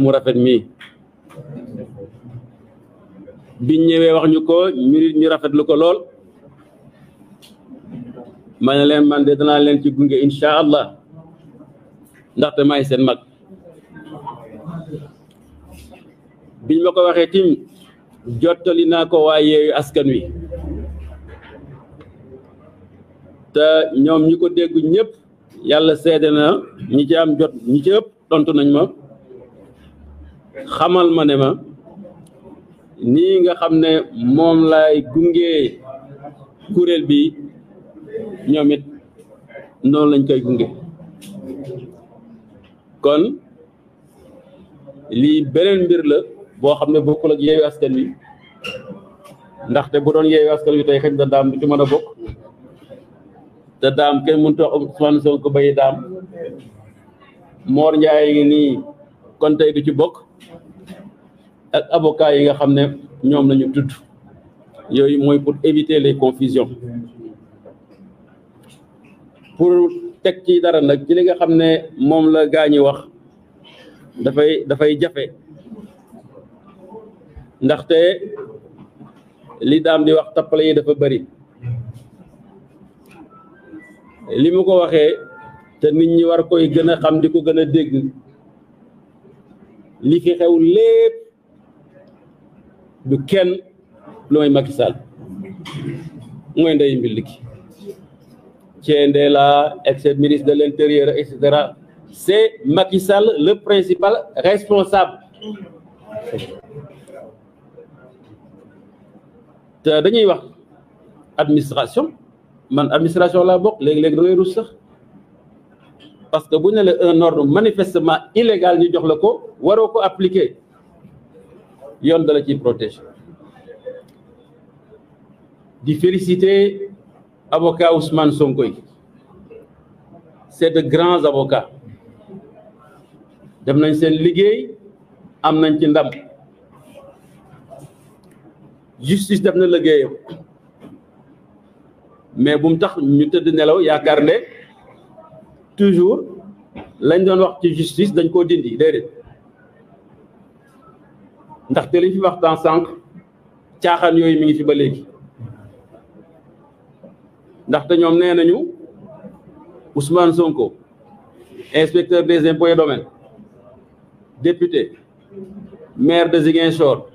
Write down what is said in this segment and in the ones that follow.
mu rafet mii biñ ñëwee wax ñu ko ñu rafet lu ko lool ma ne leen man de danaa leen ci gunge incha allah ndaxte may seen mag biñ ma ko waxee tim jottali naa ko waa askan wi te ñoom ñi ko dégg ñëpp yàlla seede na ñi ci jot ñi ci ëpp nañ ma xamal ma ne ma nii nga xam ne moom laay gunge kuréel bi ñoomit noonu lañ koy gunge kon lii beneen mbir la boo xam ne bokkul ak yeewu askan wi ndaxte bu doon yeewu askan wi tey xëñ na daam du ci mën a bokk te daam kenn mënut a wax Ousmane Sonko bay daam Mor ngi nii kon tey du ci bokk ak avocat yi nga xam ne ñoom lañu tudd yooyu mooy pour éviter les confusions pour teg ci dara nag ci li nga xam ne moom la gaa ñi wax dafay dafay jafe ndaxte li daam di wax tappale yi dafa bëri li mu ko waxee te nit ñi war koy gën a xam di ko gën a dégg li fi xew lépp du kenn lu may Macky Sall mooy ndeyu mbi liki Thiendella ex-ministre de l'intérieur et cetera c'est Macky le principal responsable te dañuy wax administration man administration la bokk léegi-léegi da ngay sax parce que bu ñu ne la un ordre manifestement illégal ñu jox la ko waroo ko appliquer yoon dala ci protéger di féliciter avocat Ousmane Sonko yi c'est de grands avocats def nañ seen liggéey am nañ ci ndam justice def na liggéeyam mais bu tax ñu tëdd nelaw yaakaar ne toujours lañ doon wax ci justice dañ koo dindi déedéet ndaxte li fi wax dans sànq caaxaan yooyu mi ngi fi ba léegi ndaxte ñoom nee nañu Ousmane Sonko inspecteur des impôts et domaines député maire de Ziguinchor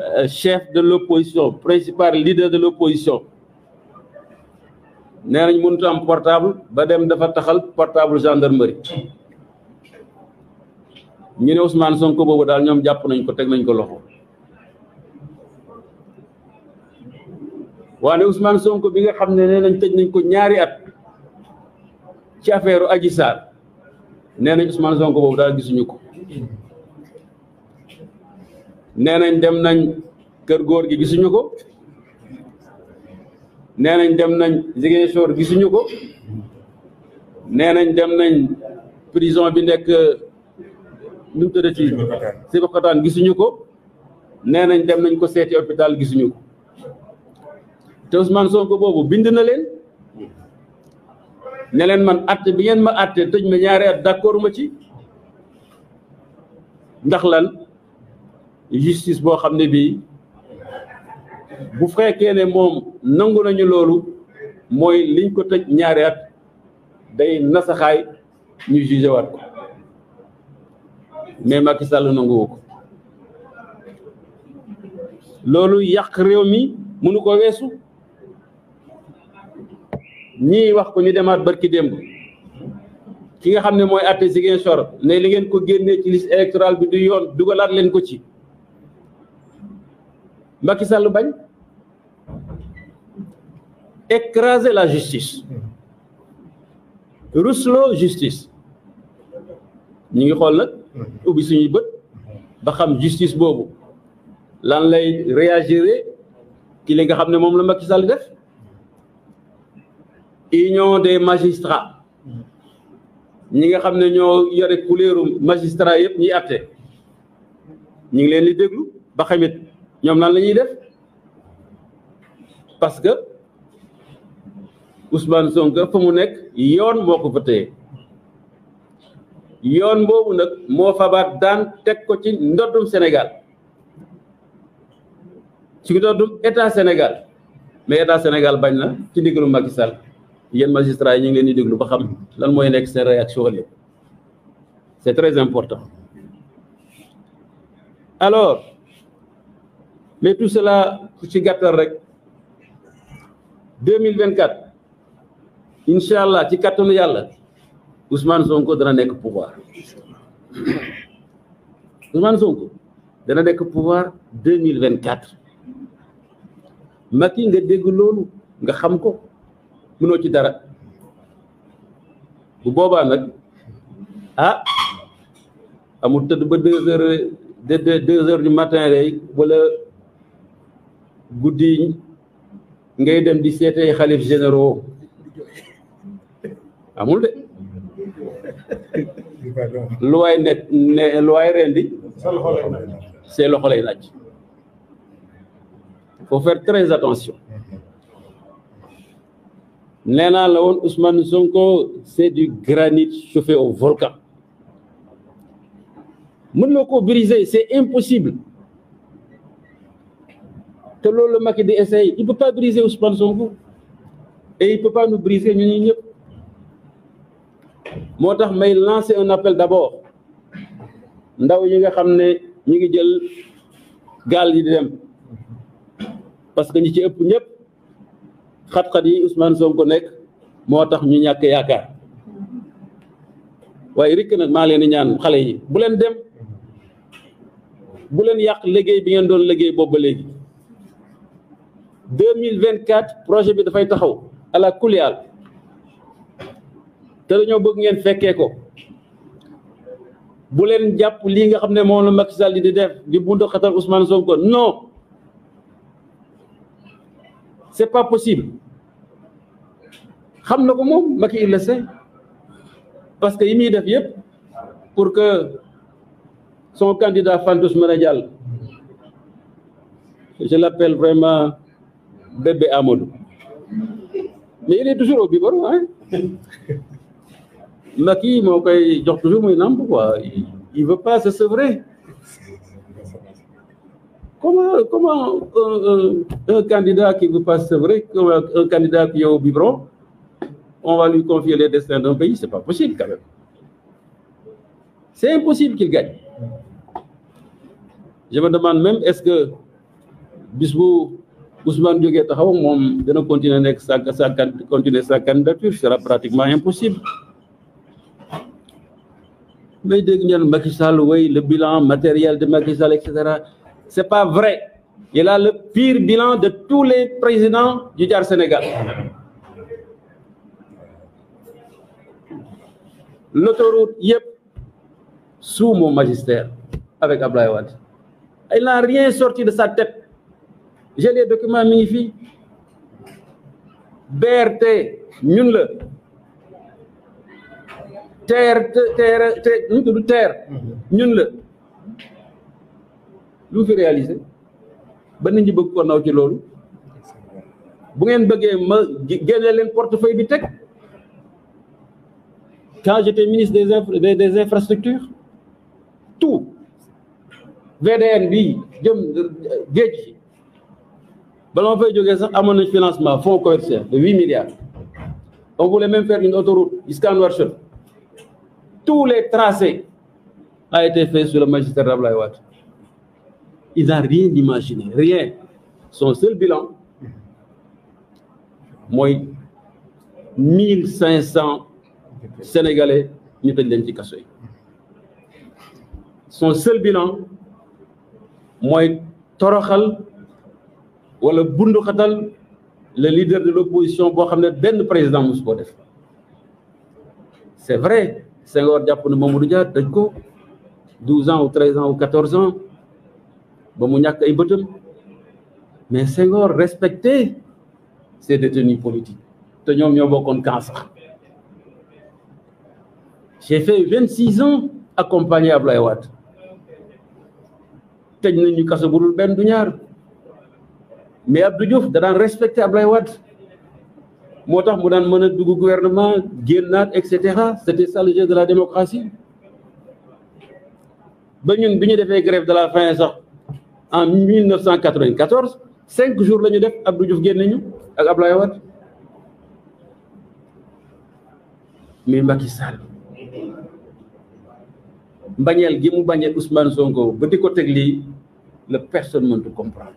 euh, chef de l'opposition principal leader de l'opposition nee nañ mënut am portable ba dem dafa taxal portable gendarmerie ñu ne Ousmane Sonko boobu daal ñoom jàpp nañ ko teg nañ ko loxo waane Ousmane Sonko bi nga xam ne nee nañ tëj nañ ko ñaari at ci affaire Adji Sarr nee nañ Ousmane Sonko boobu daal gisuñu ko nee nañ dem nañ kër góor gi gisuñu ko nee nañ dem nañ Ziguinchor gisuñu ko nañ dem nañ prison bi nekk. nu mu tëddee ci Sébikotane gisuñu ko nee nañ dem nañ ko seeti hôpital gisuñu ko te Ousmane Sonko boobu bind na leen ne leen man atte bi ngeen ma atte tëj ma ñaari at d'accord ma ci ndax lan justice boo xam ne bii bu fekkee ne moom nangu nañu loolu mooy liñ ko tëj ñaari at day nasaxaay ñu jugé waat ko mais Macky Sall nanguwu ko loolu yàq réew mi munu ko weesu ñii wax ko ñu demaat barki démb ki nga xam ne mooy atte Ziguinchor ne li ngeen ko génnee ci liste électorale bi du yoon dugalaat leen ko ci Macky Sall bañ écraser la justice rusloo justice ñu ngi xool nag ubbi suñuy bët ba xam justice boobu lan lay réagir ki li nga xam ne moom la Macky Sall def union des magistrats ñi nga xam ne ñoo yore couleeru magistrat yëpp ñuy atte ñu ngi leen di déglu ba xamit ñoom lan la ñuy def parce que Ousmane Sonko fa mu nekk yoon moo ko fa téye yoon boobu nag moo fabaat daan teg ko ci ndoddum Sénégal ci ndoddum état Sénégal mais état Sénégal bañ na ci ndigalu Macky Sall yéen magistrats yi ñu ngi leen di déglu ba xam lan mooy nekk seen réaction ëllëg c'est très important alors mais tout cela ci gàttal rek deux mille vingt quatre incha allah ci kàttanu yàlla Ousmane Sonko dana nekk pouvoir Ousmane ko dana nekk pouvoir deux mille vingt quatre Macky nga dégg loolu nga xam ko mënoo ci dara bu boobaa nag ah amul tëdd ba deux heures de deux heures du matin rek wala guddi ngay dem di seetee xalif généro amul de. lu waay ne see loxo lay naaj faut faire très attention nee naa la woon Ousmane Sonko c'est du granit chauffé au volcan mën loo ko briser c'est impossible te loolu la Macky di essayer il peut pas briser Sonko et il peut pas nous briser ñun ñëpp moo tax may lancé un appel d'abord ndaw yi nga xam ne ñu ngi jël gaal yi di dem parce que ñi ci ëpp ñëpp xat-xat yi Ousmane Sonko nekk moo tax ñu ñàkk yaakaar waaye rikk nag maa leen di ñaan xale yi bu leen dem bu leen yàq liggéey bi ngeen doon liggéey boobu ba léegi deux mille vingt quatre projet bi dafay taxaw à la te dañoo bëgg ngeen fekkee ko bu leen jàpp lii nga xam ne moom la Macky Sall di def di buntu xatal Ousmane Sonko non c'est pas possible xam na ko moom mag il la sait parce que yi muy def yëpp pour que son candidat Fantos mën a jàll je l'appelle vraiment bébé Amadou mais il est toujours au biberon Macky moo koy jox toujours muy nàmp quoi il veut pas se sevrer comment comment un, un, un candidat qui veut pas se sevrer un candidat qui est au biberon on va lui confier les destins d'un pays c'est pas possible c'est impossible qu'il gagne je me demande même est-ce que bis bu Ousmane jógee taxaw moom dana continuer nekk sa sa continuer sa candidature ce sera pratiquement impossible may dégg ñeen Macky Sall le bilan matériel de Macky Sall et c'est pas vrai il a le pire bilan de tous les présidents du jaar Sénégal l'autoroute yëpp sous mon magistère avec Ablaye Wade il n'a rien sorti de sa tête j'ai les documents mi ngi fii BRT ñun ter teer teer ñu tudd mhm. ñun la lu fi réalisé ba nit ñi bëgg ko naw ci loolu bu ngeen bëggee ma génne leen portefeuille bi teg quand j'étais ministre des infra des infrastructures tout VDN bi jëm géej gi bala ma fay jógee sax amoon nañ financement fonds commercial de huit milliards on voulait même faire une autoroute Scat Nouakchott tous les tracés a été fait sur le magistère d'Ablaye Wade. Il n'a rien imaginé, rien. Son seul bilan, mooy 1500 ñu tëj leen ci kaso son seul bilan mooy toroxal wala bunduxatal le leader de l'opposition boo xam ne benn président mosu koo def c'est vrai. Senghor jàpp na Mamadou Dia dañ ko 12 ans ou 13 ans ou 14 ans ba mu ñàkk ay bëtam mais Senghor respecté ses détenus politiques te ñoom ñoo bokkoon camp sax j'ai vingt 26 ans accompagné Ablaye Wade tëj nañu kaso bu dul benn du ñaar mais Abdou Diouf da daan ab lay Wade moo tax mu daan mën a dugg gouvernement génnaat et cetera c'était ça le jeu de la démocratie ba ñun bi ñu defee grève de la faim sax en 1994 cinq jours la ñu def Abdou Diouf génne ñu ak Abdoulaye Wade mais Macky Sall mbañeel gi mu bañeel Ousmane Sonko ba di ko teg lii la personne mënut comprendre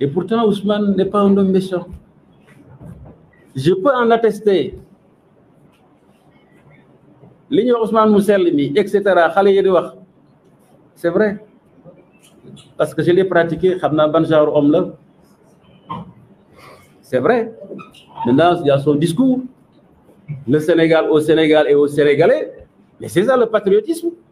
et pourtant Ousmane n'est pas un homme je peux en attester li ñuy wax Ousmane mu sell mi et cetera xale yi di wax c'est vrai parce que je l'ai pratiqué xam naa ban genre homme la c'est vrai maintenant il y a son discours le Sénégal au Sénégal et aux Sénégalais mais c'est ça le patriotisme